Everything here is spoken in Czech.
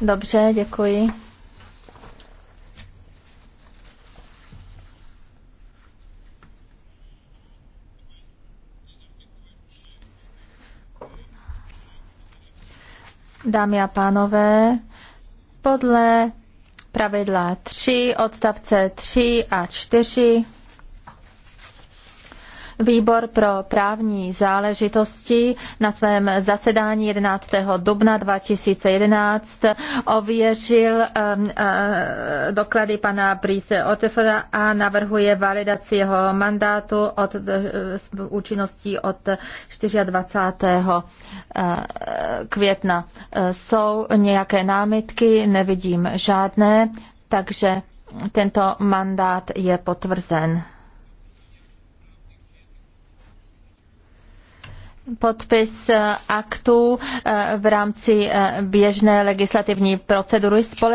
Dobře, děkuji. Dámy a pánové, podle pravidla 3, odstavce 3 a 4 Výbor pro právní záležitosti na svém zasedání 11. dubna 2011 ověřil eh, eh, doklady pana Brise Otefora a navrhuje validaci jeho mandátu od eh, účinností od 24. května. Jsou nějaké námitky? Nevidím žádné, takže tento mandát je potvrzen. podpis eh, aktů eh, v rámci eh, běžné legislativní procedury společně